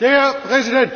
Der Präsident!